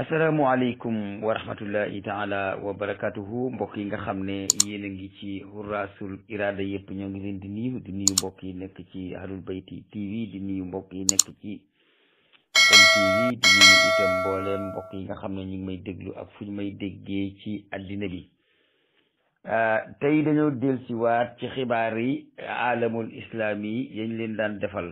asalaamualeykum wa rahmatullahi taala wa barakatuhu mbokk yi nga xam ne yéen a ngi ci hurrasul irada yëpp ñoo ngi leen di nuyu di nuyu mbokk yi nekk ci ahlul bayti tv di nuyu mbokk yi nekk ci MTV di nuyu itam mbooleem mbokk yi nga xam ne ñu ngi may déglu ak fu ñu may déggee ci addina bi ah, tey dañoo dellusiwaat ci xibaar yi alamul islaami yañ leen daan defal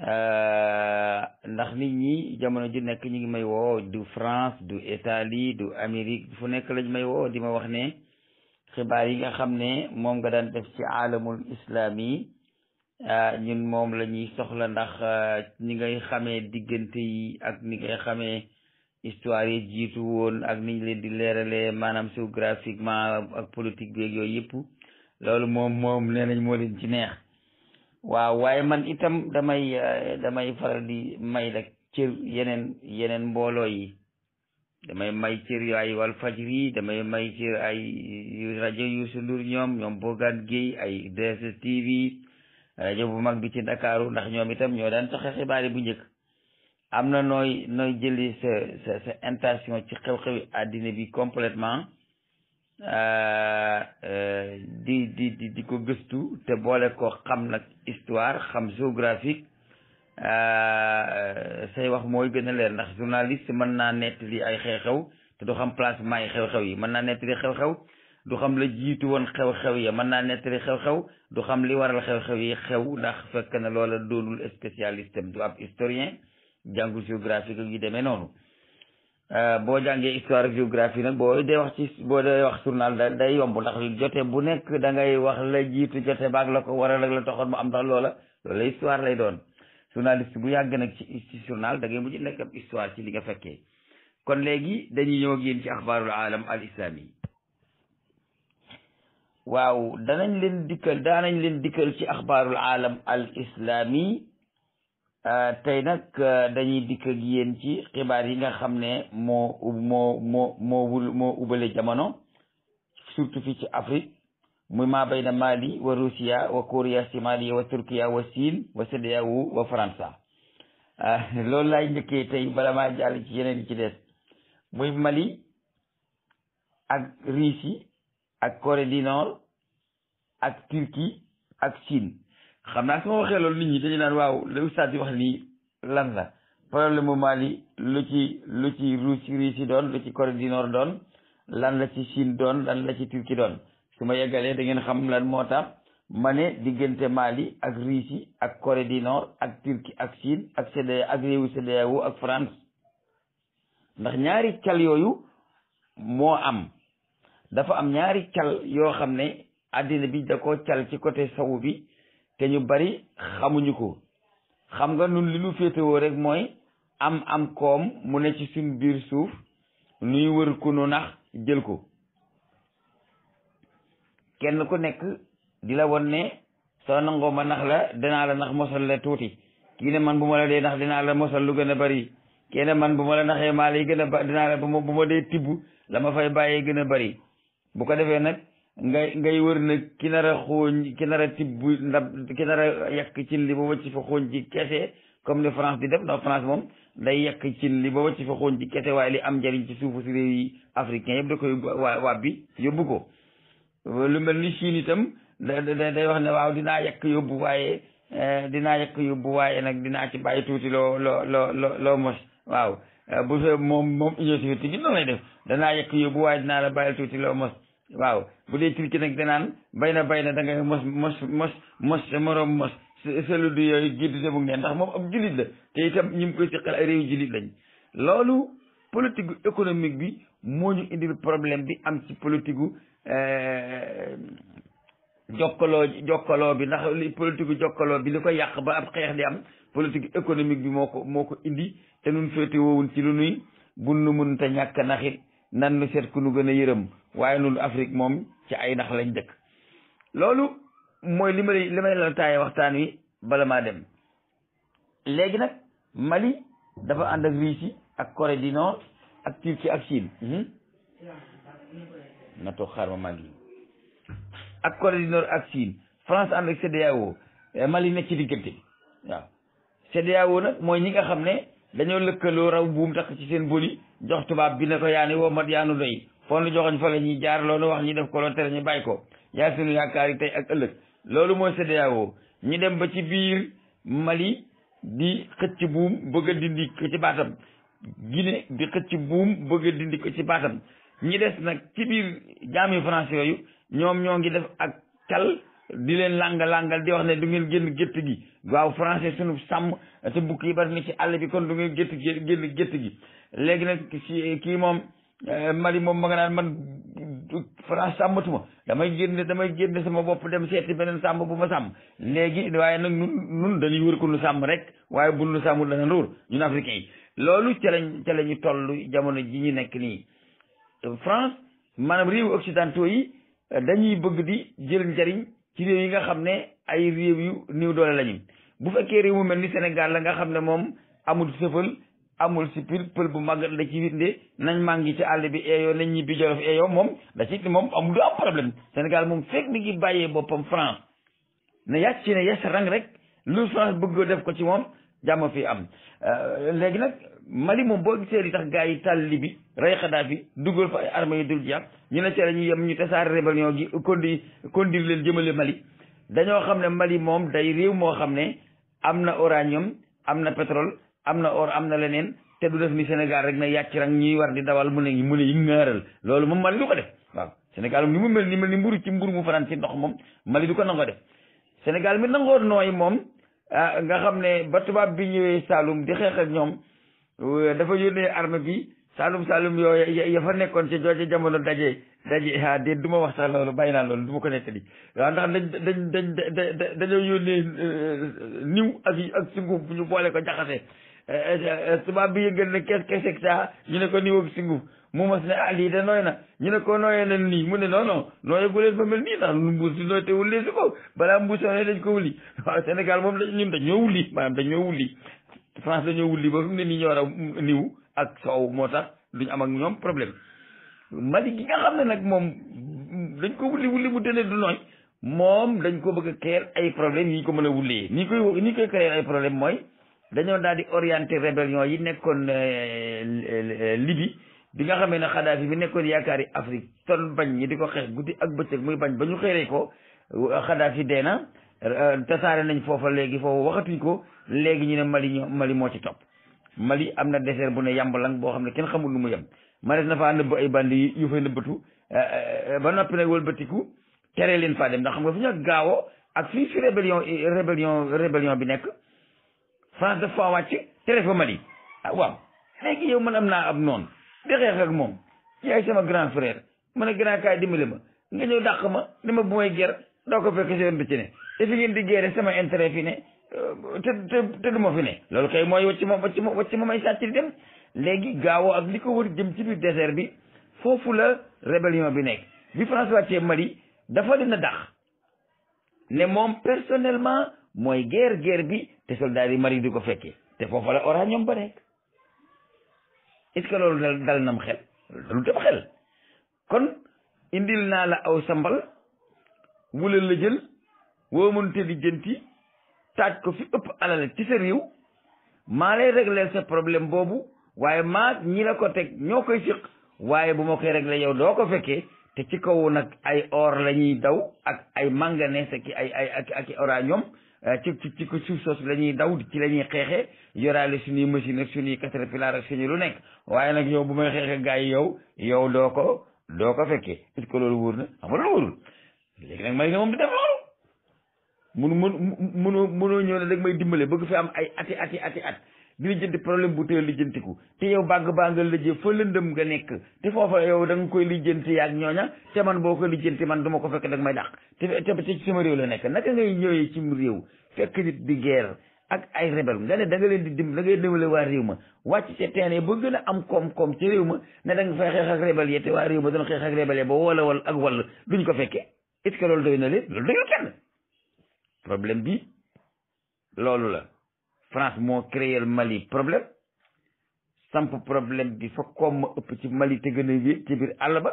Euh, ndax nit ñi jamono ju nekk ñu ngi may woo du France du Italie du Amérique fu nekk lañ may woo di ma wax ne xibaar yi nga xam ne moom nga daan def ci aalamul islaam yi ah, ñun moom la ñuy soxla ndax ah, ni ngay xamee diggante yi ak ni ngay xamee histoire yi jiitu woon ak niñ leen di leeralee maanaam géographiquement ak politique beeg yooyu yëpp loolu moom moom nee moo leen ci neex waaw waaye man itam damay eh, damay faral di may rek cër yeneen yeneen mbooloo yi damay may cër ay Walfajri damay may cër ay rajo Youssou Ndour ñoom ñoom Bougane géey ay DSTV rajo bu mag bi ci Ndakaaru ndax ñoom itam ñoo daan joxe xibaar bu njëkk am na nooy nooy jëli sa sa sa intention ci xew-xewi àddina bi completement Euh, euh, di di di di ko gëstu te boole ko xam nag histoire xam géographique euh, say wax mooy gën a leer ndax journaliste mën naa nettali ay xew-xew te du xam placement yi xew-xew yi mën naa nettali xew-xew du xam la jiitu woon xew-xew ya mën naa nettali xew-xew du xam li waral xew-xew yi xew ndax fekk na loola doonul spécialiste am du ab historien jàngu géographique yu demee noonu Eh, boo jàngee histoire ak géographie nag boo dee wax ci boo dee wax journal da day yomb ndax jote bu nekk dangay wax la jiitu jote baag la ko waral ak la toxoon mu am ndax loola loola histoire lay doon journaliste bu yàgg nag ci ci dangay da ngay mujj nekk ab histoire ci li nga fekkee kon léegi dañuy ñëw ak yéen ci axbaarul aalam al islami waaw danañ leen dikkal daanañ leen dikkal ci axbaarul aalam al islami Euh, tey nag euh, dañuy dikk ak ci xibaar yi nga xam ne moo moo moo moo ubale jamono surtout fii ci Afrique muy maa bay na Mali wa Russia wa Korea Somalia wa Turkiya wa Siin wa CEDEAO wa France euh, loolu laay njëkkee tey bala maa jàll ci yeneen ci des muy Mali ak Russie ak Corée du Nord ak Turquie ak Siin xam naa su ma waxee loolu nit ñi dañu naan waaw lu ustaas bi wax nii lan la problème mu Mali lu ci lu ci Russie doon lu ci Corée du Nord doon lan la ci siin doon lan la ci Turquie doon su ma yeggalee da ngeen xam lan moo tax ma ne diggante Mali ak Russie ak Corée du Nord ak Turquie ak Chine ak CEDEAO ak réewu CEDEAO ak France ndax ñaari cal yooyu moo am dafa am ñaari cal yoo xam ne àddina bi da ko cal ci côté sawu bi te ñu bari xamuñu ko xam nga nun li ñu féetewoo rek mooy am am koom mu ne ci suñ biir suuf nuy wër ku nu nax jël ko kenn ku nekk di la won ne soo nangoo ma nax la danaa la nax mosal la tuuti kii ne man bu ma la dee nax dinaa la mosal lu gën a bari kii ne man bu ma la naxee maa lay gën a ba dinaa la bu ma bu ma dee tibb la ma fay bàyyee gën a bari bu ko defee nag ngay ngay wër na ki nar a xooñ ki nar a tibb ndab ki nar a yàq ci li ba wàcc fa xooñ ci kese comme le France di def ndax France moom day yekk ci li ba wàcc fa xooñ ci kese waaye li am njariñ ci suufu si réew yi africain yëpp da koy waa wàbbi yóbbu ko lu mel ni Chine itam da day wax ne waaw dinaa yekk yóbbu waaye eh, dinaa yàq waaye nag dinaa ci bàyyi tuuti loo loo loo loo loo mos eh, moom moom Union soviétique def danaa yàq yóbbu waaye dinaa la bàyyi tuuti loo mos waaw bu dee cricket nag danaan bay na bay na da nga mos mos mos mos sa morom mos selu du yooyu gidd bu ngeen ndax moom ab jullit la te itam ñi mu koy seqal ay réew jullit lañ loolu politique gu bi moo ñu problème bi am ci politique gu euh, jokkaloo bi ndax li politique gu jokkaloo bi li ko yàq ba ab xeex di am politique bi moo ko moo ko indi te nun féete woowun ci lu nuy bu nu mun te ñàkk naxit nan nu seet ku nu gën a yërëm waaye nun Afrique moom ci ay nax lañ dëkk loolu mooy li ma li may la waxtaan wi bala maa dem léegi nag Mali dafa ànd ak Russie ak Corée du Nord ak Turquie ak Chine mhm. na toog xaar ma Mali ak Corée du Nord ak Chine France ànd ak CEDEAO eh, Mali nekk ci diggante bi waaw CEDEAO nag mooy ñi nga xam ne dañoo lëkkaloo raw buum tax ci seen boli jox tubaab bi ne ko yaani woo mat yaanu doy fon lu joxoñ fa la ñuy jaar loolu wax ñu def ko loolu tere ñu bàyyi ko yaay suñu yaakaar yi tey ak ëllëg loolu mooy CEDEAO ñu dem ba ci biir Mali di xëcc buum bëgg a dindi ko ci baatam Guinée di xëcc buum bëgg dindi ko ci baatam ñi des nag ci biir jaami France yooyu ñoom ñoo ngi def ak kal di leen làng-làngal di wax ne du ngeen génn gétt gi waaw français sunu sàmm te bukk yi bari na ci àll bi kon du ngeen gétt génn gétt gi léegi nag kii moom Eh, Mali moom ma nga naan man France sàmmatuma damay génn damay génne sama bopp dem seeti beneen sàmm bu ma sàmm léegi waaye nag nun nun dañuy wër ko nu sàmm rek waaye bu nu sàmmul dana nuur ñun africain yi loolu ca lañ ca la ñu jamono ji ñu nekk nii France maanaam réewu occidentaux yi dañuy bëgg di jël njariñ ci réew yi nga xam ne ay réew yu néew doole lañu bu fekkee réew mu mel ni Sénégal la nga xam ne moom amul sëfal amul si pil pël bu màggat la ci witnde nañ màngi ci àll bi eeyoo nañ ñibbi jolof eeyoo moom da ci moom am du am problème Sénégal moom fekk mi ngi bàyyee boppam France na yàcc ne yes rang rek lu France bëgg def ko ci moom jàmm fi am euh, léegi nag Mali moom boo gisee li tax gars yi tàll li bi rey Kadhafi dugal fa ay armée yu dul jeex ñu ne ci la ñu yem ñu tasaare rébellion gi condi conduire leen jëmale Mali dañoo xam ne Mali moom day réew moo xam ne am na uranium am na pétrole am na or am na leneen te du def ni Sénégal rek na yàcc rek ñuy war di dawal mu ne mu ne yi ngaaral loolu moom Mali du ko def waaw Sénégal ni mu mel ni mel ni mburu ci mburu mu fanaan ci moom Mali du ko nangoo def Sénégal mi nangoo nooy moom ah, nga xam ne ba tubaab bi ñëwee Saloum di xeex ak ñoom euh, dafa yónnee arme bi Saloum saalum yooyu ya fa nekkoon ci jooju jamono daje daje ah du ma wax sax loolu bàyyi naa loolu du ma ko nettali waaw ndax dañ dañ dañ dañoo yónnee euh, niw ak ak sunguf bu ñu boole ko jaxase tubaab bi yëgal ne qu'est-ce que ñu ne ko nii wëg singuf mu mas ne ah lii de nooy na ñu ne ko nooyee na nii mu ne non non nooye gu leen fa mel nii ndax mbuus di nooy te wullee su ko balaa mbuusoone dañ ko wulli moom dañ ñun dañoo wulli maanaam dañoo wulli France dañoo wulli ba fi mu ne nii ñoo war a niw ak soow moo tax duñ am ak ñoom problème Mali gi nga xam ne nag moom dañ ko wulli wulli bu dene du nooy moom dañ ko bëgg a créer ay problème yi ko mën a wullee ni koy ni koy créer ay problème mooy dañoo daal di orienté rébellion yi nekkoon euh, euh, euh, libi bi nga xamee ne Xadaafi bi nekkoon yaakaari Afrique ton bañ ñi di ko xeex guddi ak bëccëg muy bañ ba ñu xeeree ko Xadaafi dee na tasaare nañ foofa léegi foofu waxatuñ ko léegi ñu ne Mali ñoo Mali moo ci topp Mali am na désert bu ne yambalang boo xam ne kenn xamul nu mu yem manees na faa nëbb ay bandi yu fay nëbbatu ba noppi nag wëlbatiku tere leen faa dem ndax xam nga fi ñu gaawo ak fii fi rébellion bi nekk France daf faa wàcc tere fa Mali ah, waaw léegi yow man am naa ab noonu di xeex ak moom yaay sama grand frère man a grand kaay dimbali ma nga ñëw dàq ma ni ma bu may ger doo ko fekk si yoon bi ci ne te fi ngeen di géré sama intérêt fi ne euh, te te te du ma fi ne loolu kay mooy wàcc ma wàcc ma wàcc ma may sàcc di dem léegi gaaw ak li ko wër jëm ci biir désert bi foofu la rébellion bi nekk bi France wàccee Mali dafa dina dàq ne moom personnellement mooy guerre guerre bi te soldat yi mari di ko fekkee te foofa la uranium ba nekk est-ce que loolu dal nam xel lu dem xel kon indil naa la aw sambal wula la jël woo mënute di jënti taaj ko fi ëpp alal ci sa réew maa lay régler sa problème boobu waaye maa ñi la ko teg ñoo koy siq waaye bu ma koy régler yow doo ko fekkee te ci kaw nag ay or lañuy ñuy daw ak ay manganèse ak ay ay ak i uranium Euh, ci ci ci suuf soosu la ñuy daw ci la ñuy xeexee yoraale suñuy machine ak suñuy caterpillar ak lu nekk waaye nag yow bu may xeexee gars yi yow yow doo ko doo ko fekkee est-ce que loolu wóor na xam nga loolu léegi nag Malika moom di def loolu munu munu munu mënoo ñëw ne dag may dimbale bëgg fi am ay ati ati ati at di lijjanti problème bu tee lijjantiku te yow bàgg baa nga lëjee fa lëndëm nga nekk te foofa yow da nga koy lijjanti yaag ñooña te man boo koy lijjanti man du ma ko fekk da nga may dàq te te ci sama réew la nekk naka ngay ñëwee ci réew fekk di guerre ak ay rebel nga ne da nga leen di dim da ngay dimbale waa réew ma wàcc ca teene ba gën a am koom-koom ci réew ma ne da nga fay xeex ak rebel yi te waa réew ma doon xeex ak rebel yi ba wala wal ak wall duñ ko fekkee est loolu doy na leen loolu doyul kenn problème la France moo créé Mali problème samp problème bi fa koom ma ëpp ci Mali te gën a yéeg ci biir àll ba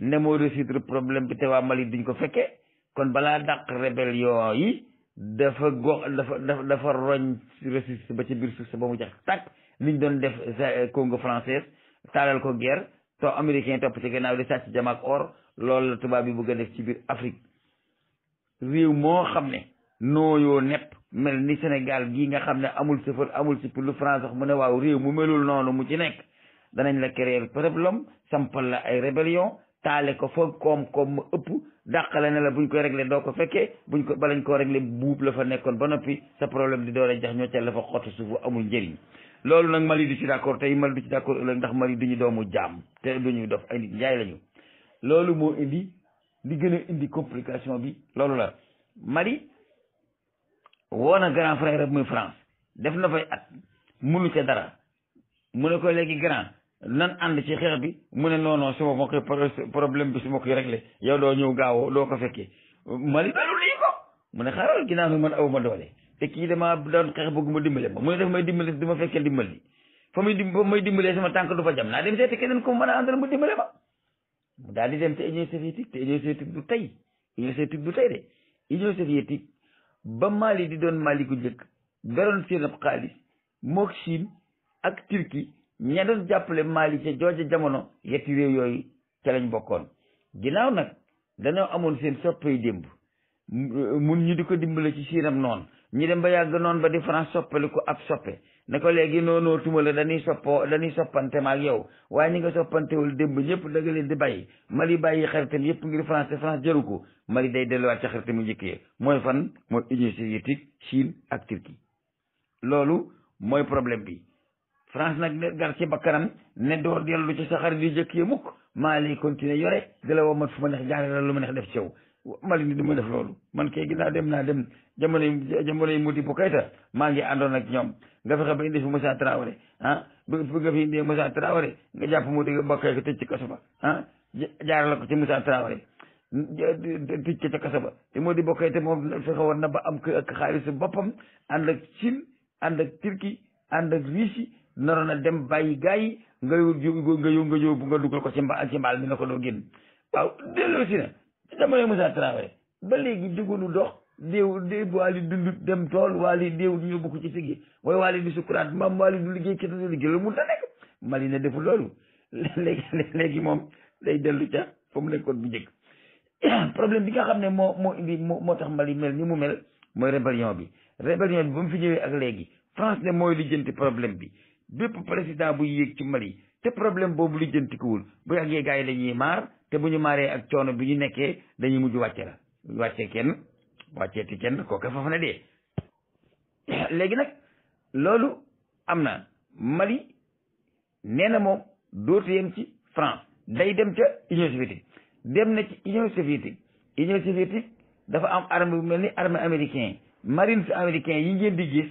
ne moo résoudre problème bi te waa Mali duñ ko fekkee kon balaa dàq rébellion yi dafa gox dafa dafa roñ ressource ba ci biir suuf sa ba mu jax tàkk liñ doon def Congo française taalal ko guerre to américain topp ci gannaaw di sàcc jama ak or loolu la tubaab bi bëgg def ci biir Afrique réew moo xam ne nooyoo nepp mel ni Sénégal gii nga xam ne amul sëfër amul si lu France wax mu ne waaw réew mu melul noonu mu ci nekk danañ la créer problème sampal la ay rébellion taale ko foog koom-koom mu ëpp daqale na la buñ koy regle doo ko fekkee buñ ko balañ koo réglé buub la fa nekkoon ba noppi sa problème di a jax ñoo ca la fa xottu suufu amul njëriñ loolu nag Mali du ci d'accord tey Mali du ci d'accord ëllëg ndax Mali ñu doomu jaam te du duñu dof ay nit njaay lañu loolu moo indi li gën a bi loolu la woo na grand rek muy France def na fay at munu ca dara mu ne ko léegi grand nan ànd ci xeex bi mu ne non non suma ma koy problème bi su ma koy réglé yow doo ñëw gaawoo doo ko fekkee Mali mu ne xaaral ginnaaw man aw ma doole te kii damaa doon xeex bëgguma dimbale ma mu ne def may dimbale du ma fekkee dimbal li fa muy dim fa may sama tànk du fa jam naa dem seeti kenn ko mën a àndal mu dimbale ma daal di dem te Union soviétique te Union soviétique du tey Union soviétique du tey de Union ba Mali di doon Mali ku njëkk beroon seen ab xaalis mook Chine ak Turquie ña doon jàppale Mali ca jooja jamono yetti réew yooyu ca lañ bokkoon ginnaaw nag dañoo amoon seen soppay démb mun ñu di ko dimbale ci siinam noonu ñu dem ba yàgg noonu ba di France soppali ko ab soppe ne ko léegi noonoo tumala dañuy soppoo dañuy soppante ma ak yow waaye ñi nga soppantewul démb ñëpp da leen di bàyyi Mali bàyyi xaritam yëpp ngir France te France jëru ko Mali day delluwaat ca xaritam yu njëkk ya mooy fan mooy Union soviétique ak ak Turquie loolu mooy problème bi France nag ne gar ci bakkanam ne doo dellu ci sa xarit yu njëkk ya mukk maa lay continuer yore di la womat fu ma neex jaare la lu ma neex def ci yow Mali ni du ma def loolu man kay ginnaaw dem naa dem jamono yu yi jamono yi Modibo Keïta maa ngi àndoon ak ñoom nga fexe ba indi fi Moussa Traoré ah bu nga fi indi Moussa Traoré nga jàpp Modibo Keïta ci kaso ba ah jaarale ko ci tëj ko ca kasa ba te moo di bokkay te moom fexe woon na ba am kër ak xaalisu boppam ànd ak Chine ànd ak Turquie ànd ak Russie naroon a dem bàyyi gaa yi nga yób nga yow nga yóbbu nga dugal ko ci mbaal ci mbaal mi nga ko doo génn waaw delloo na jamono Moussa Traoré ba léegi déggoonu dox déew déew waali dund dem tool waali déew ñu bokk ci siggi mooy waali di sukuraat maam waali du liggéey kenn du liggéey loolu mun ta nekk Mali na defu loolu léegi léegi moom day dellu ca fa mu nekkoon bu njëkk problème bi nga xam ne moo moo indi moo moo tax Mali mel ni mu mel mooy rébellion bi rébellion bi ba mu fi ñëwee ak léegi France ne mooy lijjanti problème bi bépp président bu yéeg ci Mali te problème boobu lijjantikuwul bu yàggee gars yi dañuy maar te bu ñu maaree ak coono bi ñu nekkee dañuy mujj wàcce la wàccee kenn wàcceeti kenn kooka foofu ne dee léegi nag loolu am na Mali nee na moom dootu yem ci France day dem ca Union dem na ci union soviétique union soviétique dafa am armée bu mel ni armée américain marines américain yi ngeen di gis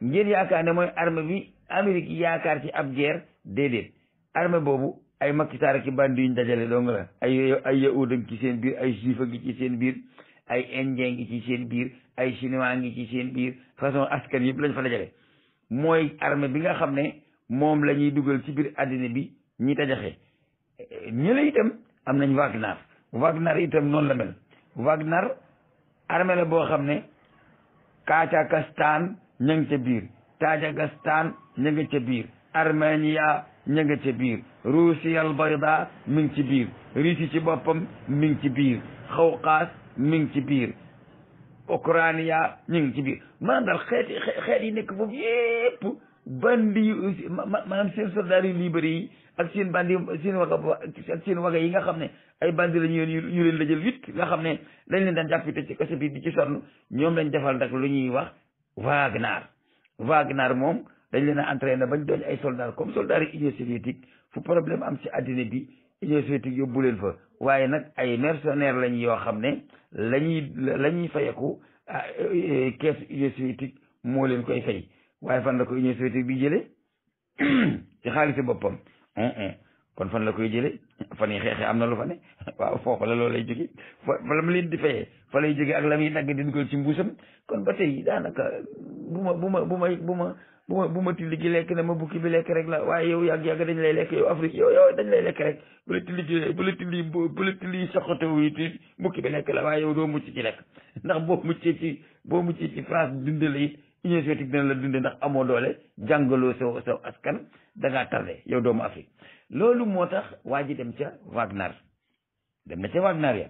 ngeen yaakaar ne mooy armée bi Amérique yaakaar ci ab guerre déedéet armée boobu ay makkisaar ki bandi yuñ dajale dong la ay ay yahuud ngi ci seen biir ay juif ngi ci seen biir ay indien ngi ci seen biir ay chinois ngi ci seen biir façon askan yëpp lañ fa dajale mooy armée bi nga xam ne moom la ñuy dugal ci biir àddina bi ñi tajaxe ñi la itam am nañ Wagner Wagner itam noonu la mel Wagner armée la boo xam ne Kazakhstan ña nga ca biir Tajikistan ña nga ca biir Armenia ña nga ca biir Russie al bayda mi ngi ci biir Russie ci boppam mi ngi ci biir Xawqaas mi ngi ci biir Ukraine ñu ngi ci nekk foofu yépp bandi yi maanaam seen soldaar yu libre yi ak seen bandi seen waga ak seen waga yi nga xam ne ay bandi la ñu ñu leen la jël vite nga xam ne dañ leen daan jàppite ci kaso bi di ci sonn ñoom lañ defal nag lu ñuy wax Wagner naar moom dañ leen a na bañ doon ay soldats comme soldats yi Union soviétique fu problème am ci àddina bi Union soviétique yóbbu leen fa waaye nag ay mercenaires lañ yoo xam ne la ñuy la ñuy fayeku ah, euh, euh, caisse Union soviétique moo leen koy fay waaye fan la ko union soviétique bi jëlee ci xaalisi boppam kon fan la koy jëlee fan yi xeexee am na lu fa ne waaw foofu la loolu lay jóge fa la mu leen di fayee fa lay jóge ak la yi dagg din ko ci mbuusam kon ba tey daanaka bu ma bu ma bu ma bu ma bu ma bu ma gi lekk na ma bukki bi lekk rek la waaye yow yàgg yàgg dañ lay lekk yow Afrique yow dañ lay lekk rek bu la tilli gi bu la tilli bu la bukki bi lekk la waaye yow doo mucc ci lekk nda boo muccee boo muccee ci France dundale union soviétique dina la dunde ndax amoo doole jàngaloo so sa askan da ngaa tardé yow doomu Afrique loolu moo tax waa ji dem ca Wagner dem na ca Wagner ya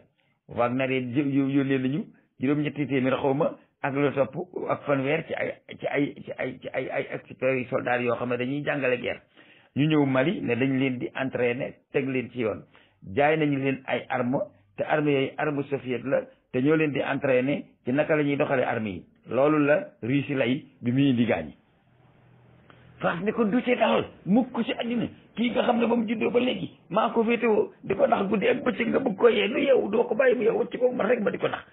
Wagner ya yónnee nañu juróom-ñetti téeméer xaw ma ak lu topp ak fanweer ci ay ci ay ci ay ci ay ay experts soldats yoo xam ne dañuy jàngale guerre ñu ñëw Mali ne dañ leen di entraîner teg leen ci yoon jaay nañu leen ay armes te armes yooyu arme soviétique la te ñoo leen di entraîner ci naka la ñuy doxalee armes yi loolu la riisi lay bi muy indi gaañi France ne ko du ci dal mukk ci àddina kii nga xam ne ba mu juddoo ba léegi maa ko féetewoo di ko nax guddi ak bëccëg nga bëgg ko yee du yow doo ko bàyyi mu yow wacc ko man rek ma di ko nax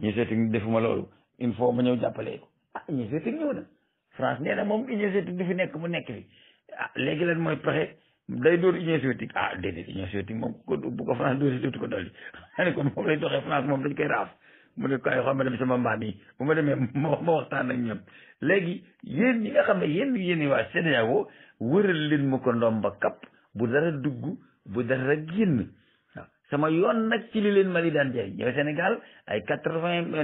ñu seeti defuma loolu il faut ma ñëw jàppalee ko ah ñu seeti na moom Union soviétique du fi nekk mu nekk fi ah léegi leen mooy pexe day dóor Union soviétique ah déedéet Union soviétique moom ko bu ko France dóor si ko dolli xam moom lay doxee France moom dañ koy raaf mu ne kaay xam ma dem sama maam yi bu ma demee moo ma waxtaan ak ñoom léegi yéen ñi nga xam ne yéen yéen waa CEDEAO wëral leen ma ko ndomba kapp bu dara dugg bu dara génn waaw sama yoon nag ci li leen Mali daan jëriñ yow ay quatre vingt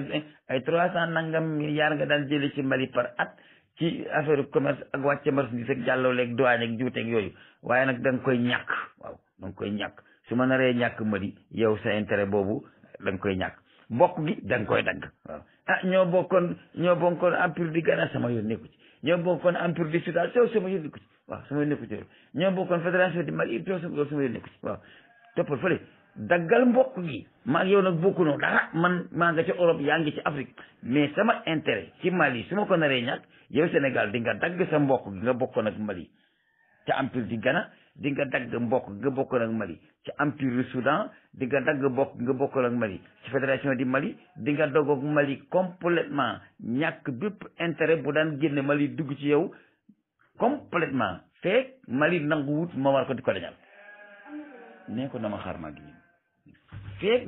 ay trois cent nangam milliards nga daan jëlee ci Mali par at ci affaire commerce ak wàcce marchandise ak jàlloo leeg douane ak yooyu waaye nag da koy ñàkk waaw da nga koy ñàkk su ma naree ñàkk Mali yow sa intérêt boobu da koy ñàkk bokk gi da koy dagg waaw ah ñoo bokkoon ñoo bokkoon empire di Ghana sama yoon nekku ci ñoo bokkoon empire di Soudan soo sama yoon nekku ci waaw sama yoon nekku ci ñoo bokkoon fédération di Mali soo sama yoon ci waaw toppal fële daggal mbokk gi maa yow nag bokkunoo dara man maa nga ci Europe yaa ngi ci Afrique mais sama intérêt ci Mali su ma ko naree ñàkk yow Sénégal di nga dagg sa mbokk gi nga bokkoon ak Mali te empire di Ghana di nga dagg mbokk nga bokkal ak Mali ci empire du Soudan di nga dagg mbokk nga bokkal ak Mali ci fédération di Mali di nga dog ak Mali complètement ñàkk bépp intérêt bu daan génne Mali dugg ci yow complètement feek Mali nangu wut ma war ko di ko dañal nee ko dama xaar maa gi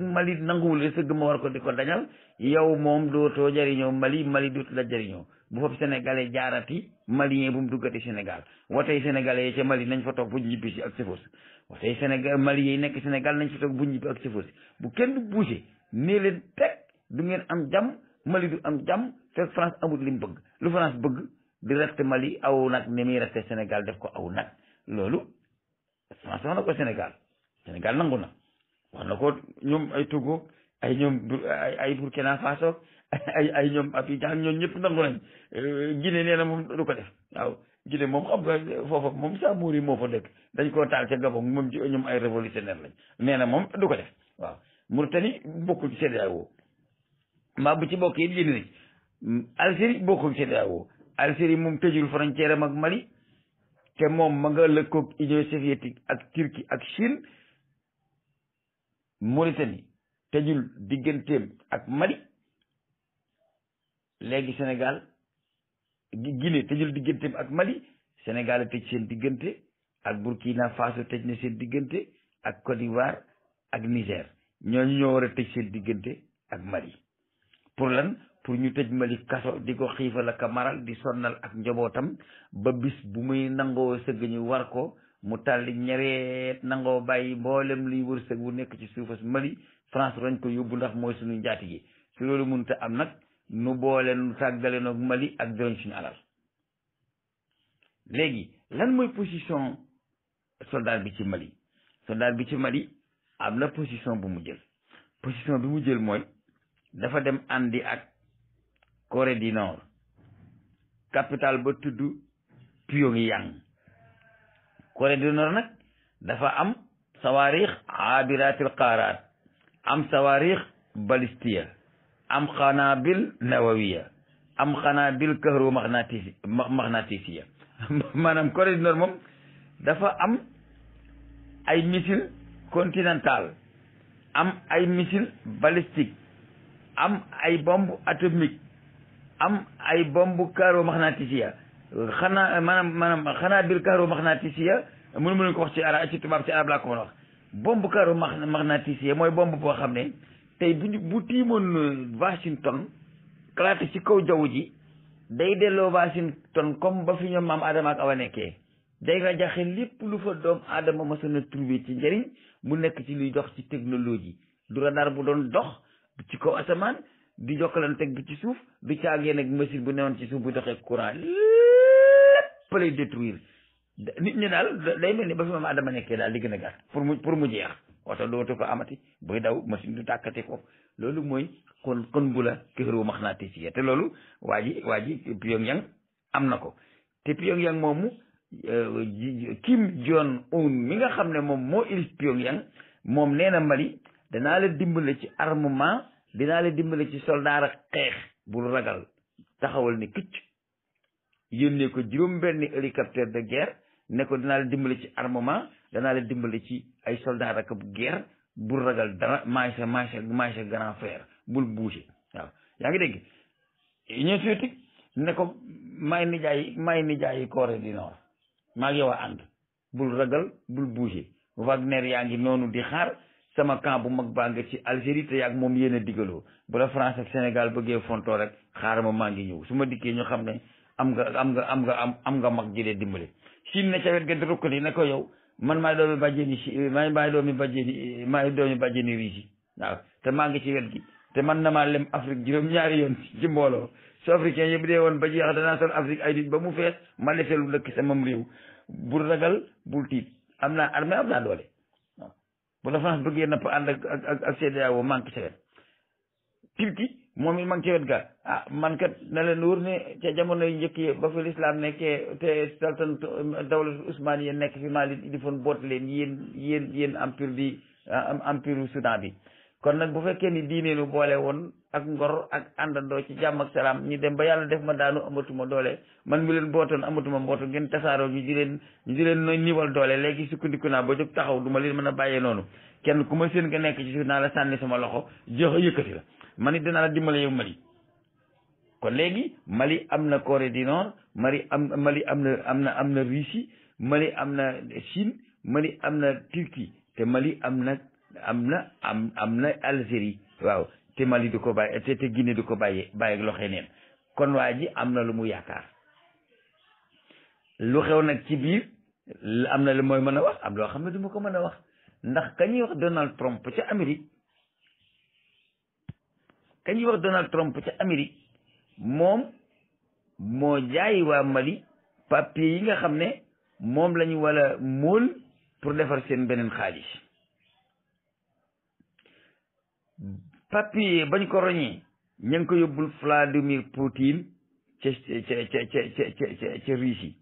Mali nanguwul sëgg ma war ko di ko dañal yow moom dootoo jariñoo Mali Mali dootu la jariñoo bu fa sénégalais jaarati malien bu mu duggati sénégal watey sénégalais yi ca mali nañ fa toog bu ñibbi si ak sëfoor si watey sénégal nekk sénégal nañ fa bu ñibbi ak sëfoor si bu kenn bougé nee leen teg du ngeen am jàmm mali du am jàmm fekk france amul li mu bëgg lu france bëgg di rette mali aw nag ni muy sénégal def ko aw nag loolu france wax na ko sénégal sénégal nangu na wax na ko ñoom ay Togo ay ñoom ay Burkina Faso ay ay ñoom api jaxan ñoom ñëpp nangu nañ euh, Guinée nee moom du ko def waaw Guinée moom xam nga foofa moom moo fa dëkk dañ koo taal ca Gabon moom ci ñoom ay révolutionnaire lañ nee na moom du ko def waaw Mauritanie bokkul bu ci bokk it génn nañ Algérie moom tëjul frontière am ak moom ma nga lëkkoog Union soviétique ak Turquie ak tëjul digganteem ak Mali léegi Sénégal Guinée tëjul digganteem ak Mali Sénégal tëj seen diggante ak Burkina Faso tëj na seen diggante ak Côte d'Ivoire ak Niger ñooñu ñoo war a tëj seen diggante ak Mali pour lan pour ñu tëj Mali kaso di ko xiifal ak maral di sonnal ak njabootam ba bis bu muy nangoo sëgg ñu war ko mu tàlli ñereet nangoo bàyyi mboolem luy wërsëg wu nekk ci suufas Mali France roñ ko yóbbu ndax mooy suñu njaati gi loolu mënut a am nag nu boole nu tàggale Mali ak joñ alal léegi lan mooy position soldat bi ci Mali soldat bi ci Mali am na position bu mu jël position bi mu jël mooy dafa dem àndi ak Corée du Nord capitale ba tudd Pyongyang Corée du Nord nag dafa am sawaarix abiratil qaaraat am sawaarix balistiya am xanaabil nawawiya am xanaabil këhru maxnatisi maxnatisiya maanaam Corée du Nord moom dafa am ay missile continental am ay missile balistique am ay bombe atomique am ay bombe këhru maxnatisiya xanaa maanaam maanaam xanaabil këhru maxnatisiya mënu mënu ko wax ci arab ci tubaab ci arab laa ko mën a wax bombe këhru maxnatisiya mooy bombe boo xam ne tey bu ñu bu tiimoon euh, Washington kalaate ci kaw jaw ji day delloo Washington comme ba fi ñoom maam Adama ak Awa nekkee day nga jaxe lépp lu fa doom aadama mos na trouvé ci njëriñ mu nekk ci luy dox ci technologie du radar bu doon dox ci kaw asamaan di jokkalanteeg bi ci suuf du caagee nag machine bu newoon ci suuf bu doxee courant lépp lay détruire nit ñi daal day mel ni ba fi maam Adama nekkee daal di gën a gàtt pour mu pour mu jeex. oto dootu ko amati buy daw machine du tàkkati ko loolu mooy kon kon bu la këru maxnaatisiya te loolu waa ji waa ji Pyongyang am na ko te Pyongyang moomu euh, Kim Jong Un mi nga xam ne moom moo il Pyongyang moom nee na Mali danaa la dimbale ci armement dinaa la dimbale ci soldaar ak xeex bul ragal taxawal ni këcc yónnee ko juróom benni hélicoptère de guerre ne ko dinaa la dimbale ci armement danaa leen dimbale ci ay soldat bu guerre bul ragal dara maay sa maay sa maay sa grand frère bul bouger waaw yaa ngi dégg union soviétique ne ko maay nijaay maay nijaay Corée du Nord maa ngi yow a ànd bul ragal bul bouger Wagner yaa ngi noonu di xaar sama camp bu mag baa nga ci Algérie te yaag moom yéen diggaloo digaloo bu la France ak Sénégal bëggee fontoo rek xaar ma maa ngi ñëw su ma dikkee ñu xam ne am nga am nga am nga am am nga mag ji leen dimbale Chine ne ca wet ga man maay doomi bàjjeni si maay maay doomi bàjjeni maay doomi bàjjeni riisi waaw te maa ngi ci wet gi te man na maa lem Afrique juróom-ñaari yoon ci mbooloo su africain yëpp dee woon ba jeex danaa sol Afrique ay nit ba mu fees ma defee lu dëkk samam réew bul ragal bul tiit am naa armée am naa doole waaw bu la France bëggee napp ànd ak ak ak CEDEAO manque ci wet Turquie moom it ma ngi ci wet ga ah man kat na leen wóor ne ca jamono yu njëkk yi ba fi lislaam nekkee te sultan dawla Usmaan yéen nekk fi Mali di foon boot leen yéen yéen yéen empire bi ah, empire Soudan bi kon nag bu fekkee ni diine nu boole woon ak ngor ak àndandoo ci jàmm ak salaam ñu dem ba yàlla def ma daanu amatuma doole man mi leen bootoon amatuma mbootu ngeen tasaaroo ñu di leen ñi di leen niiwal doole léegi sukkandiku naa ba jot taxaw duma leen mën a bàyyee noonu kenn ku ma seen nga nekk ci suuf naa la sànni sama loxo jox yëkkati la man it dinaa la dimbale yow Mali kon léegi Mali am na Corée du Nord Mali am Mali am na am na am na Russie Mali am na Chine Mali am na Turquie te Mali am na am na am am na Algérie waaw te Mali du ko bàyyi te te Guinée du ko bàyyi bàyyi ak loxo neen kon waa ji am na lu mu yaakaar lu xew nag ci biir am na lu mooy mën a wax am loo xam ne du ma ko mën a wax ndax ka ñuy wax Donald Trump ca Amérique ka ñuy wax Donald Trump ca Amérique moom moo jaay waa Mali papier yi nga xam ne moom la ñu war pour defar seen beneen xaalis papier bañ ko roñee ña ko yóbbul Vladimir Poutine ca ca ca ca ca ca Russie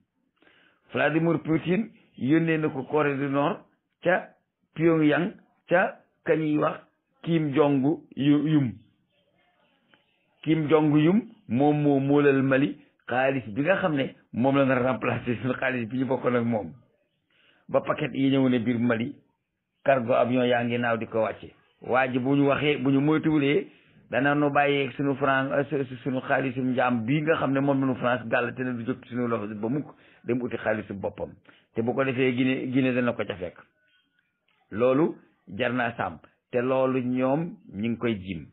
Vladimir Poutine yónnee na ko Corée du Nord ca Pyongyang ca kañuy wax kiim Jong Yum kiim Jong Yum moom moo moolal Mali xaalis bi nga xam ne moom la na remplacé seen xaalis bi ñu bokk ak moom ba paquet yi ñëw ne biir Mali cargo avion yaa ngi naaw di ko wàcce waa ji bu ñu waxee bu ñu moytuwulee dana nu bàyyeeg suñu franc euh, suñu xaalisum njaam bii nga xam ne moom lañu France gàll te ne du jóg suñu loxo ba mukk dem uti xaalisum boppam te bu ko defee Guinée Guinée dana ko ca fekk loolu jar naa sàmm te loolu ñoom ñi ngi koy jim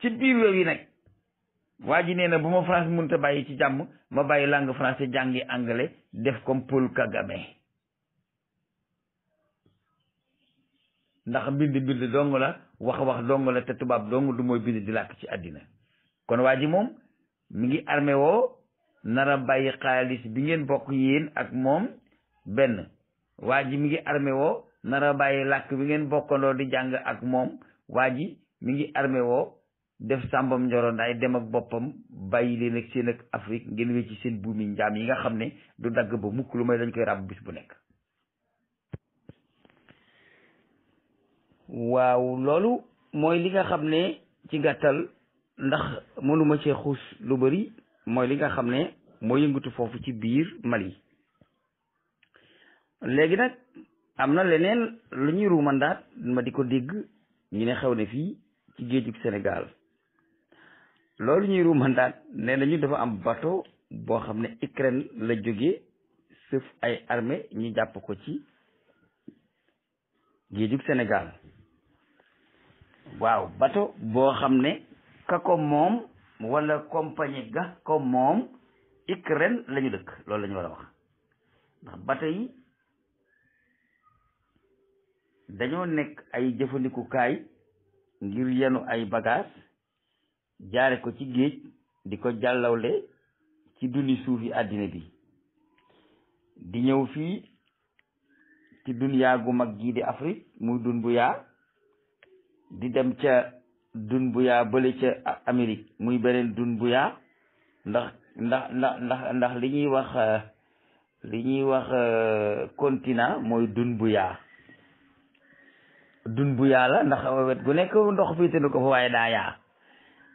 ci biir yooyu nag waa ji na bu ma France mënut bàyyi ci jàmm ma bàyyi langue français jàngi anglais def comme Paul Kagame ndax bind bind dong la wax wax dong la te tubaab dong du mooy bind di làkk ci àddina kon waa moom mi ngi armé woo nara bàyyi xaalis bi ngeen bokk yéen ak moom benn waa ji mi ngi armé woo nar a bàyyi làkk bi ngeen bokkandoo di jàng ak moom waa ji mi ngi armé woo def sàmbam njorondaay dem ak boppam bàyyi leen ak seen ak Afrique ngeen ci seen buumi njaam yi nga xam ne du dagg ba lu may dañ koy ràbb bis bu nekk waaw loolu mooy li nga xam ne ci gàttal ndax mënuma cee xuus lu bari mooy li nga xam ne moo yëngatu foofu ci biir Mali léegi nag am na leneen lu ñuy ruumandaat ma di ko dégg ñu ne xew ne fii ci géejug Sénégal loolu ñuy ruumandaat nee nañu dafa am bateau boo xam ne Ukraine la jóge sëf ay armée ñu jàpp ko ci géejug Sénégal waaw bateau boo xam ne ka moom wala compagnie ga ko moom Ukraine la dëkk loolu la ñu war a wax ndax bateau yi dañoo nekk ay jëfandikukaay ngir yenu ay bagages jaare ko ci géej di ko jàllawle ci duni suuf àddina bi di ñëw fii ci dunyaa gu mag gii di Afrique muy dun bu yaa di dem ca dun bu yaa bële ca Amérique muy beneen dun bu yaa ndax ndax ndax ndax ndax li ñuy wax li ñuy wax continent mooy dun bu yaa dun bu yàlla ndax wet gu nekk ndox féete na ko fa waaye daa yaa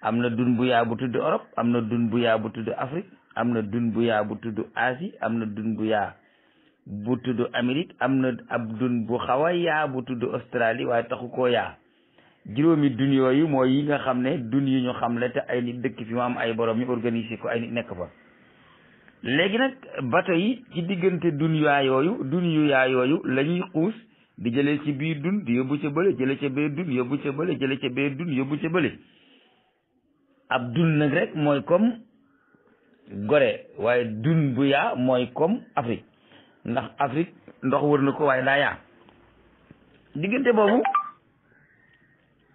am na dun bu yaa bu tudd Europe am na dun bu yaa bu tudd Afrique am na dun bu yaa bu tudd Asie am na dun bu yaa bu tudd Amérique am na ab dun bu xaw a yaa bu tudd Australie waaye taxu koo yaa juróomi dun yooyu mooy yi nga xam ne dun yi ñu xam le te ay nit dëkk fi mu am ay borom ñu organiser ko ay nit nekk fa léegi nag bato yi ci diggante dun yaa yooyu dun yaa yooyu la xuus di jëlee ci biir dun di yóbbu ca bële jëlee ca biir dun yóbbu ca bële jëlee ci biir dun yóbbu ca bële ab dun nag rek mooy comme gore waaye dun bu yaa mooy comme Afrique ndax Afrique ndox wër na ko waaye daa yaa diggante boobu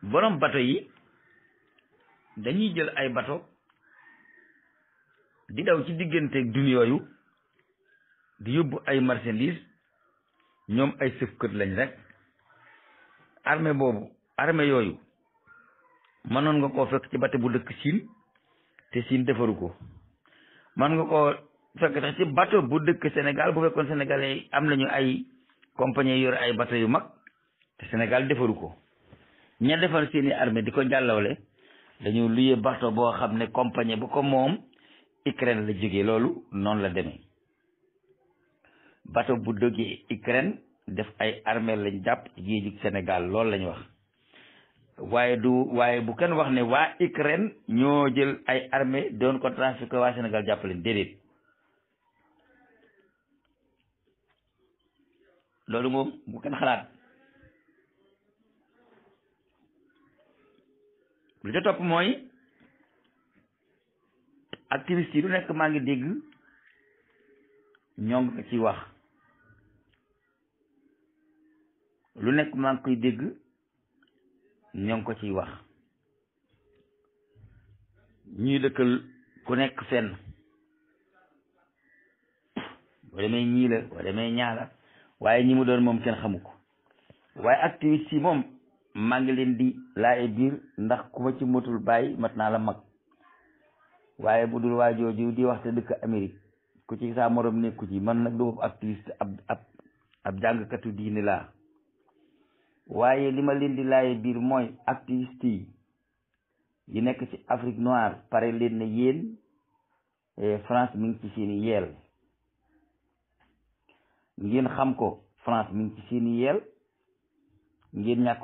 borom bato yi dañuy jël ay bato di daw ci diggante dun yooyu di yóbbu ay marchandises ñoom ay sëfkër lañ rek armée boobu armée yooyu mënoon nga koo fekk ci bate bu dëkk siin te siin defaru ko man nga ko fekk tax ci bateau bu dëkk Sénégal bu fekkoon sénégalais am nañu ay compagnie yor ay bateau yu mag te Sénégal defaru ko ña defar seeni armée di ko jàllawle dañu luyee bato boo xam ne compagnie bu ko moom Ukraine la jógee loolu noonu la demee bato bu dogee Ukraine def ay armée lañ jàpp ci géeju Sénégal loolu lañ wax waaye du waaye bu kenn wax ne waa Ukraine ñoo jël ay armée doon ko trafiqué waa Sénégal jàpp déedéet loolu moom bu kenn xalaat lu ca topp mooy activiste yi lu nekk maa ngi dégg ñoo ngi ko ci wax lu nekk maa koy dégg ñoo ngi ko ci wax ñuy dëkkal ku nekk fenn boo demee ñii la demee ñaa la waaye ñi mu doon moom kenn xamu ko waaye activiste yi moom maa ngi leen di laaye biir ndax ku ma ci motul bàyyi mat naa la mag waaye bu dul waajooju di wax te dëkk Amérique ku ci saa moroom nekku ci man nag du bopp activiste ab ab ab jàngkatu diine laa waaye li ma leen di laaye biir mooy activiste yi yi nekk ci Afrique noire pare leen na yéen eh, France mi ngi ci seeni yeel ngeen xam ko France mi ngi ci seeni yeel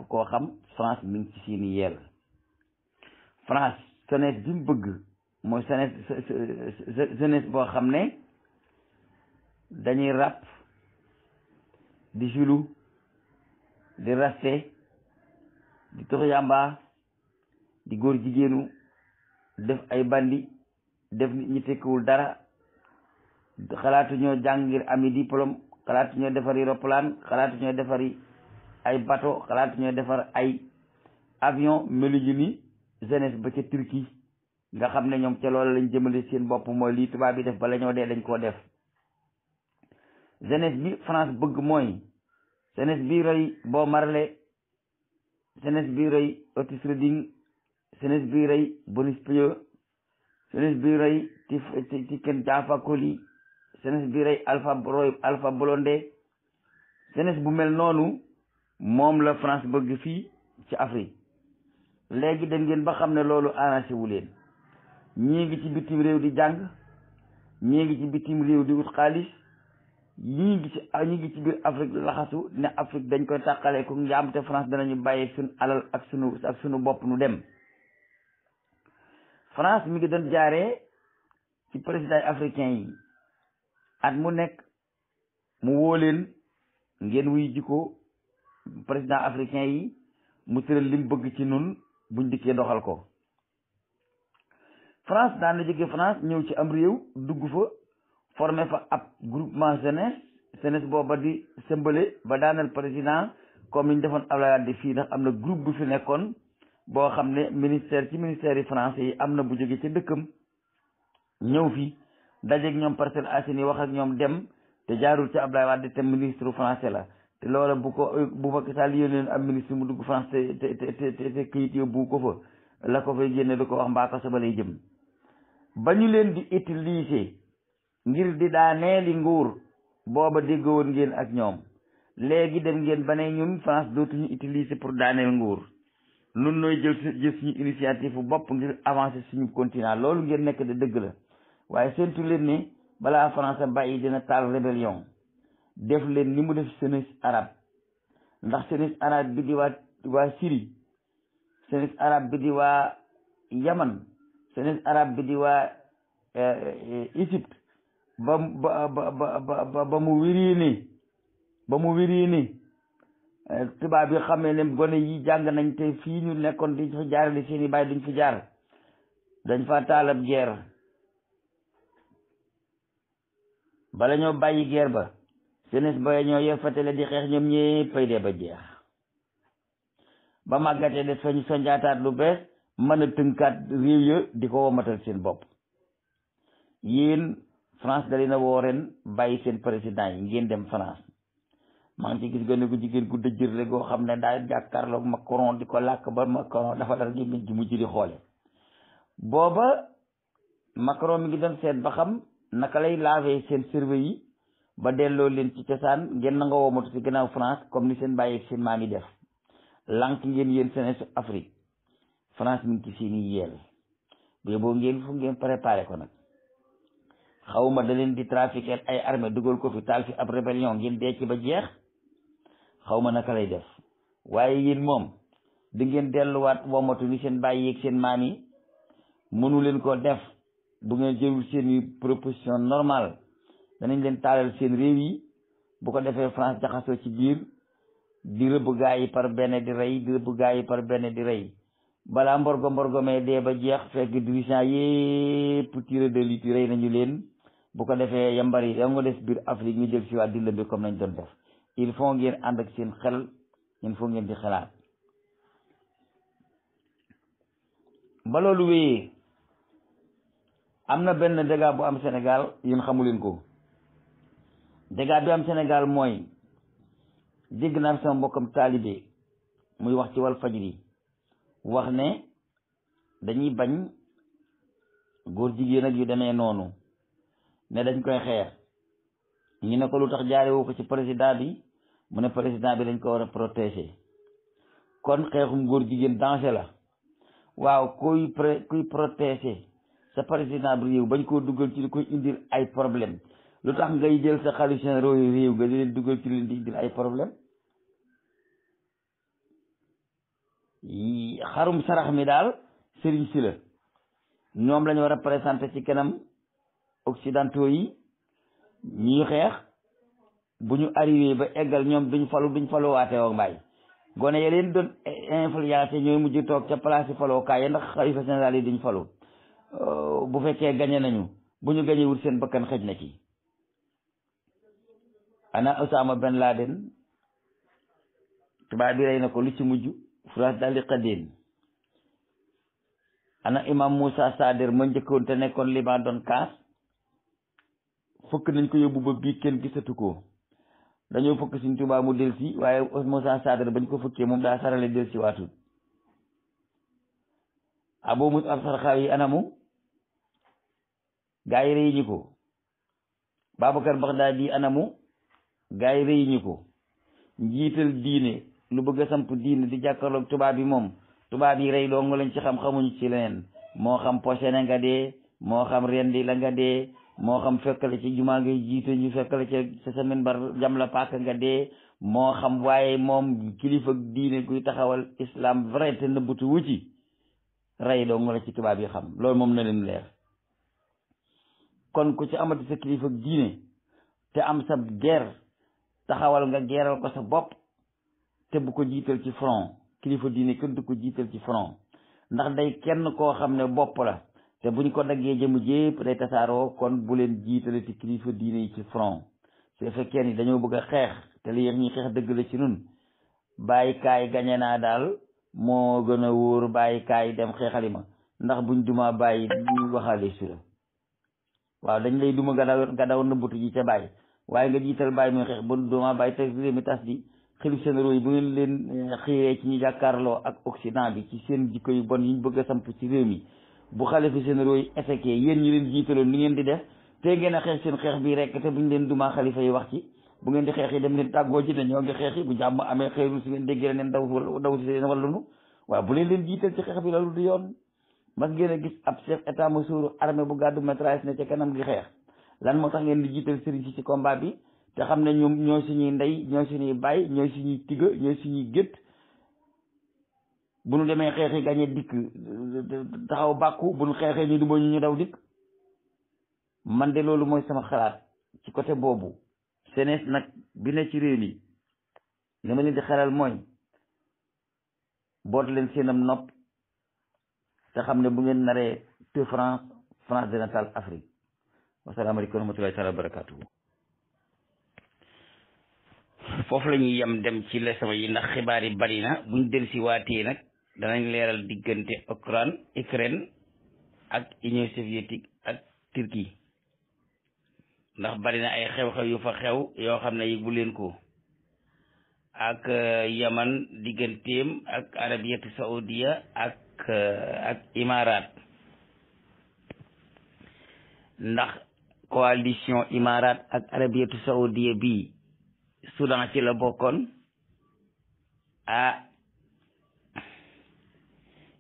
koo xam France mi ngi ci seeni bëgg mooy jeunesse boo xam ne dañuy ràpp di julu di raste di tox di góor jigéenu def ay bandi def nit ñi tekkiwul dara xalaatu ñoo jàng ngir ami diplôme xalaatu ñoo defari roplaan xalaatu ñoo defari ay bateau xalaatu ñoo defar ay avion melu ñu ni jeunesse ba ca Turquie nga xam ne ñoom ca loolu lañ jëmale seen bopp mooy lii tubaab bi def bala ñoo dee dañ koo def jeunesse bi France bëgg mooy jeunesse bi roy Bob marle jeunesse bi roy Otis Redding bi roy Boris Pio jeunesse bi roy Tiken Jaffa Kolley bi roy Alpha roy Alpha bu mel noonu moom la France bëgg fii ci Afrique léegi dem geen ba xam ne loolu arrangé wu leen ñii ci bitim réew di jàng ñii ngi ci bitim réew di wut xaalis ñii ngi ci ah, ñu ngi ci biir Afrique laxasu ne Afrique dañ koy tàqale ku njaam te France danañu bàyyi suñu alal ak sunu ak sunu bopp nu dem France mi ngi doon jaaree ci président africain yi at mu nekk mu woo leen ngeen wuy jikko président africain yi mu tëral lim bëgg ci nun buñ dikkee doxal ko France daan na jóge France ñëw ci am réew dugg fa formé fa ab groupement jeunesse jeunesse booba di sëmbale ba daaneel président comme ni ñu defoon Abdoulaye Wade fii ndax am na groupe bu fi nekkoon boo xam ne ministère ci ministère yi français yi am na bu jóge ci dëkkam ñëw fii dajeeg ñoom Parcelles Assainies wax ak ñoom dem te jaarul ci Abdoulaye Wade te ministre français la te loola bu ko Boubacar Sall yónnee am ministre mu dugg France te te te te këyit yóbbu ko fa la ko fay génne du ko wax mbaa ko sobalay ba ñu leen ngir di daaneeli nguur booba déggowoon ngeen ak ñoom léegi dem ngeen ba ne ñun France dootuñu utiliser pour daaneel nguur nun nooy jël jël suñu initiative bu bopp ngir avancer suñu continent loolu ngeen nekk de dëgg la waaye seentu leen ni balaa France bàyyi dina taal rébellion def leen ni mu def senis arab ndax senis arab bi di waa waa Syrie senis arab bi di waa Yaman senis arab bi di waa euh, euh, Égypte ba ba mu wirii ni ba mu wirii ni eh, tubaab yi xamee ne gone yi jàng nañ te fii ñu nekkoon di fa jaarale seen i bàyyi duñ fi jaar dañ fa taalab guerre bala ñoo bàyyi guerre ba jeunesse ba ñoo yefatale di xeex ñoom ñëpp ay dee ba jeex ba màggatee de soñ soñjaataat lu bees mën a tënkaat réew ya di ko womatal seen bopp yéen France da leen a woo ren bàyyi seen président yi ngeen dem France maa ngi ci gis gone gu jigéen gu dëjërle goo xam ne daa jàkkaarloog Macron di ko làkk ba Macron dafa dara gi min mujj di xoole booba mi ngi doon seet ba xam naka lay laver seen cerveau yi ba delloo leen ci cosaan ngeen nanga woomatu si gannaaw France comme ni seen bàyyi seen maa ngi def lànk ngeen yéen seen Afrique France mi ngi ci seeni yeel bu yeboo ngeen fu ngeen préparé ko nag xawma da leen di trafiquer ay armée dugal ko fi taal fi ab rébellion ngeen dee ci ba jeex xawma naka lay def waaye yéen moom di ngeen delluwaat womatu ni seen bàyyi yeeg seen maam yi mënu leen ko def bu ngeen jëlul seeni proposition normale danañ leen taalal seen réew yi bu ko defee France jaxasoo ci biir di rëbb gaa yi par benn di rey di rëbb gaa yi par benn di rey balaa mborgo mborgo mee dee ba jeex fekk dirigeant yépp tiré de lutte rey nañu leen bu ko defee yambar yi ya nga des biir Afrique ñu jël si waat di lëmbe comme nañ doon def il faut ngeen ànd ak seen xel il faut ngeen di xalaat ba loolu am na benn dégât bu am Sénégal yéen xamuleen ko dégât bi am Sénégal mooy dégg naa sama mbokkam taalibe muy wax ci wal fajri wax ne dañuy bañ góor jigéen ak yu demee noonu ne dañ koy xeex ñu ne ko lu tax jaarewu ko ci président bi mu ne président bi dañ ko war a protéger kon xeexum góor jigéen danger la waaw kuy kuy protéger sa président bi réew bañ koo duggal ci li koy indil ay problème lu tax ngay jël sa xalifa généraux réew nga di duggal ci li di ay problème xarum sarax mi daal sëriñ si la ñoom lañu war a présenté ci kanam occidentaux yi ñuy xeex bu ñu arrivé ba eggal ñoom duñ falu duñ faluwaate woo bàyyi gone ya leen doon influence ñooy mujj toog ca place falookaay ya ndax xalifa général yi duñ falu euh, bu fekkee gañe nañu bu ñu gañe wut seen bakkan xëj na ci ana Osama Ben Laden tubaab rey na ko lu ci mujj France daal di xaddeen ana imam Moussa Sadir ma njëkkoon te nekkoon Liban doon kaas fëkk nañ ko yóbbu ba bii kenn gisatu ko dañoo fëkk Sëriñ Tuubaa mu del si waaye Moussa Sadar bañ ko fëkkee moom daa sarale del si waatul abo mus ab sarxaaw anamu gaa yi rëy ñi ko Babacar diine lu bëgg a samp diine di jàkkaarloog tubaab bi moom tubaab yi rey dong lañ ci xam xamuñ ci leneen moo xam posé na dee moo xam rendi la dee moo xam fekkale ci jumaa ngay jiite ñu fekkale ci sa semaine bar jam la paaka nga dee moo xam waaye moom kilifa diine kuy taxawal islaam vrai te nëbbutu wuti rey doo nga la ci tubaab yi xam loolu moom na leen leer kon ku ci amati sa kilifa diine te am sa guerre taxawal nga geeral ko sa bopp te bu ko jiital ci front kilifa diine kenn du ko jiital ci front ndax day kenn koo xam ne bopp la te buñ ko daggee jëmu jépp day tasaaroo kon bu leen jiitale ci kilifa diine yi ci front su fekkee ni dañoo bëgg a xeex te li ñuy xeex dëgg la ci nun bàyyi kaay gañe naa daal moo gën a wóor bàyyi kaay dem xeexali ma ndax buñ duma bàyyi ñu waxaale su la waaw dañ lay duma gadaw gadaw nëbbutu ji ca bàyyi waaye nga jiital bàyyi muy xeex bu duma bàyyi te réew mi tas di xelif seen roy bu ngeen leen xiiree ci ñu jàkkaarloo ak Occident bi ci seen jikko yu bon yi bëgg a samp ci réew mi bu xalifi généraux yi ésequé yéen ñi leen jiitaloon lu ngeen di def te ngeen a xeex seen xeex bi rek te buñ leen dumaa xalifa yi wax ci bu ngeen di xeex yi dem leen tàggoo ji dañoo ngi xeex bu jàmm amee xëyru déggee neen daw daw si seen wallunu waaw bu leen leen jiital ci xeex bi loolu du yoon mas ngeen a gis ab chef état major armée bu gàddu matraise ne ca kanam gi xeex lan moo tax ngeen di jiital sëriñ si ci combat bi te xam ne ñoom ñoo suñuy ndey ñoo suñuy baay ñoo suñuy tiga ñoo suñuy gétt bu nu demee xeexi gañe dikk taxaw bàkku bu nu xeexee ñu duma ñu ñu daw dikk man de loolu mooy sama xalaat ci côté boobu senes nag bi ne ci réew mi li ma leen di xelal mooy boot leen seenam nopp te xam ne bu ngeen naree te France France dina taal Afrique wasalaamaaleykum wa rahmatulahi taala wa barakatuhu foofu la ñuy dem ci la sama ndax xibaar bari na buñ dellusi waatee nag danañ leeral diggante Ukraine Ukraine ak Union soviétique ak Turquie ndax bari na ay xew-xew yu fa xew yoo xam ne yëgu leen ko ak euh, Yaman digganteem ak Arabiyatu Saoudia ak euh, ak ndax coalition Imarat ak Arabiyatu Saoudia bi Soudan ci la bokkoon ah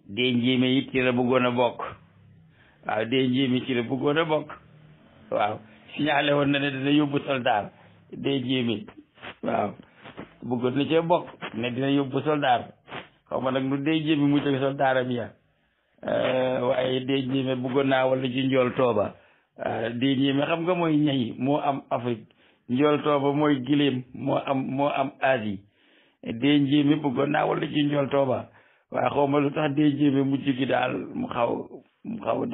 dee njiime it ci la bëggoon a bokk waaw dee njiime ci la bëggoon a bokk waaw signalé na ne dina yóbbu soldaar dee njiime waaw bëggoon ma nag nu dee njiime mu jóge soldaaram naa eh, wala ci njool tooba dee njiime xam nga mooy ñay moo am Afrique njool tooba mooy giléem moo am moo dee njiime bëggoon naa wala ci njool tooba eh, waaye xaw ma lu tax dee jéeme mujj gi daal mu xaw mu xaw a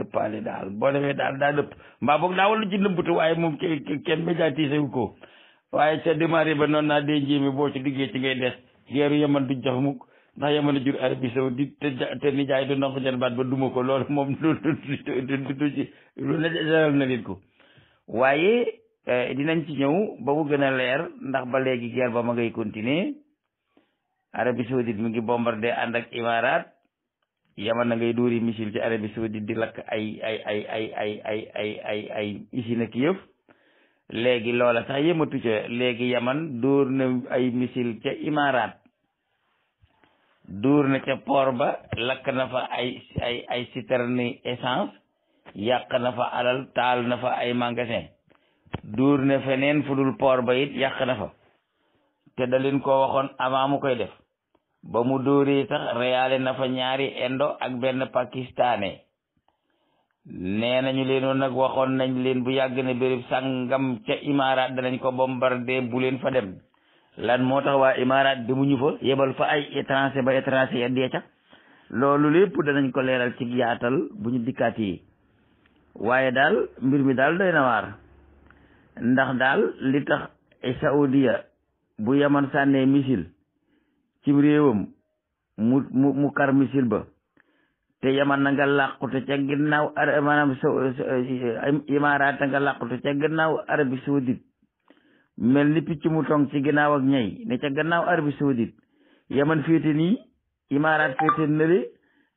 daal boo demee daal daa dëpp mbaa boog daa wala ci nëbbatu waaye moom kenn médiatisé wu ko waaye ca démarré ba noonu naa dee jéeme boo ci diggee ci ngay des geeru yaman du jox mukk ndax yaman a jur Arabie Saoudite te te nijaay du nangu seen baat ba duma ko loolu moom lu ci lu ne jaral na leen ko waaye eh, dinañ ci ñëw ba mu gën a leer ndax ba léegi guerre ba ma ngay continuer Arabie Saoudite mi ngi bombardé ànd ak Imaaraat yaman na ngay dóori missile ci Arabie Saoudite di lakk ay ay ay ay ay ay ay ay ay léegi loola sax yëmatu ca léegi yaman dóor na ay missile ca Imaaraat dóor na ca poor ba lakk na fa ay ay ay citerne essence yàq na fa alal taal na fa ay magasin dóor na feneen fu dul ba it yàq na fa te da leen koo waxoon avant mu koy def ba mu dóoree sax reyaale na fa ñaari indo ak benn pakistanais nee nañu leenoon nag waxoon nañ leen bu yàgg ne béréb sàngam ca imaaraat danañ ko bombardé bu leen fa dem lan moo tax waa imaaraat demuñu fa yebal fa ay étranger ba étranger ya dee ca loolu lépp danañ ko leeral ci yaatal bu ñu dikkaat yi waaye daal mbir mi daal doy na waar ndax daal li tax Saoudia bu yaman sànnee missile cim réewam mu mu mu kar misil ba te yaman na nga làqute ca ginnaaw ar maanaam so nga làqute ca ginnaaw arabi saudite mel ni picc mu tong ci ginnaaw ak ñay ne ca gannaaw arabi saudite yaman féete nii imaaraat féete nële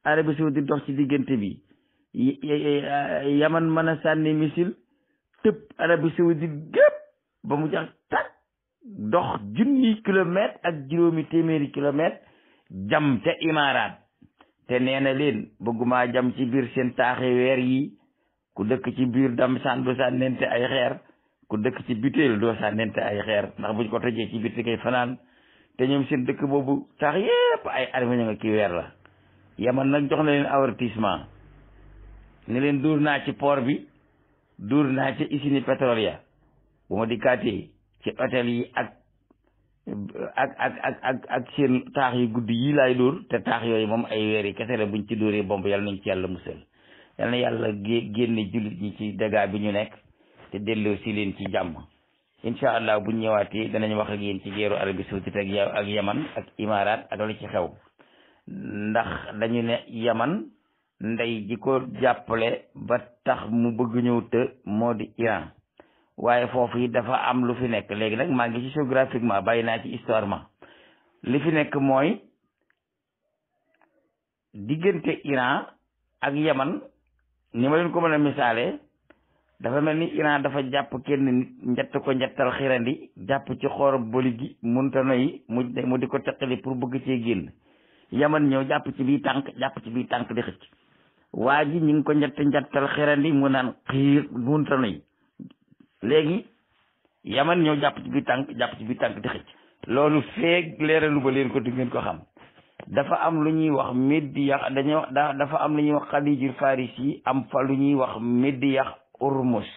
arabi saudite dox ci diggante bi yaman mën a sànni misil tëb arabi saudite gépp ba mu jax dox junni kilomètre ak juróomi téeméeri kilomètre jam ca imaaraat te nee na leen bëgguma jam ci biir seen taaxi weer yi ku dëkk ci biir dam saan sa sànnente ay xeer ku dëkk ci biteel doo sànnente ay xeer ndax buñ ko tojee ci biti kay fanaan te ñoom seen dëkk boobu tax yépp ay armée nga ki weer la yamal nag jox na leen avertissement ne leen duur naa ci poor bi duur naa ci usine pétrole ya bu ma dikkaatee ci hôtel yi ak ak ak ak ak seen taax yu gudd yi laay dóor te taax yooyu moom ay weer yi kese la buñ ci dóoree bomb yàlla nañ ci yàlla musal yàlla na yàlla génne jullit ñi ci dagaa bi ñu nekk te delloo si ci jàmm incha allah buñ ñëwaatee danañ wax ak yéen ci géeru Arabie Saoudite ak yow ak yaman ak imaraat ak la ci xew ndax dañu ne yaman ndey ji ko jàppale ba tax mu bëgg ñëw te moo di Iran waaye foofu yi dafa am lu fi nekk léegi nag maa ngi ci géographiquement bàyyi naa ci histoire ma li fi nekk mooy diggante Iran ak Yaman ni ma leen ko mën a misaale dafa mel ni Iran dafa jàpp kenn nit njett ko njettal xirandi jàpp ci xoor boli gi munta noyi mu mu di ko teqali pour bëgg cee génn Yaman ñëw jàpp ci bi tànk jàpp ci bii tànk di xëcc waa ji ñu ngi ko njett njettal xirandi mu naan xiir munta noyi léegi yaman ñëw jàpp bi biir tànk jàpp ci tànk di xëcc loolu feeg leeralu ba ko du ngeen ko xam dafa am lu ñuy wax médiyax dañuy wax dafa am lu ñuy wax xalijul farisi am fa lu ñuy wax médiyax urmus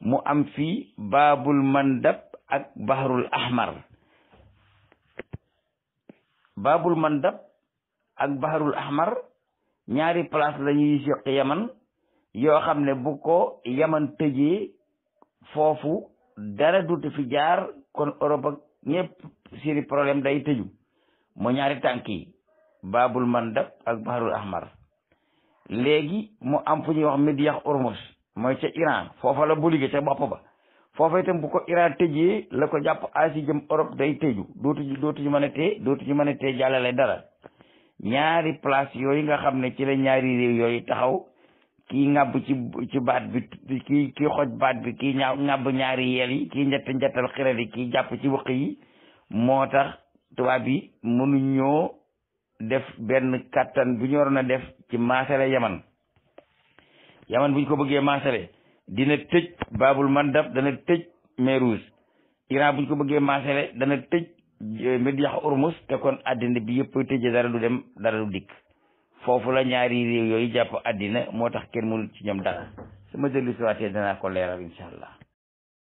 mu am fii baabul mandab ak baharul ahmar baabul mandab ak baharul ahmar ñaari place lañuy ñuy yëq yoo xam ne bu ko yaman tëjee foofu dara duuti fi jaar kon Europe ak ñëpp problème day tëju moo ñaari tànk yi baabul mandab ak baharul ahmar léegi mu am fu ñuy wax Midyax Urmus mooy ci Iran foofa la bu liggéey ba foofa itam bu ko Iran tëjee la ko jàpp Asie jëm Europe day tëju dootuñu dootuñu mën a tee dootuñu mën a tee jàllale dara ñaari place yooyu nga xam ne ci la ñaari réew yooyu taxaw kii ŋàbb ci baat bi kii kii xoj baat bi kii ñaaw ŋàbb ñaari yeel yi kii njett njettal xiral jàpp ci wëq yi moo tax tubaab yi mënu ñoo def benn kàttan bu ñu a def ci maasale yaman yaman buñ ko bëggee maasale dina tëj babul mandab dana tëj Meruz buñ ko bëggee maasale dana tëj eh, médiax urmus te kon àddina bi yëpp tëjee dara du dem dara du dikk foofu la ñaari réew yooyu jàpp àddina moo tax kenn mënul ci ñoom dara su ma dellu si waatee danaa ko leeral incha allah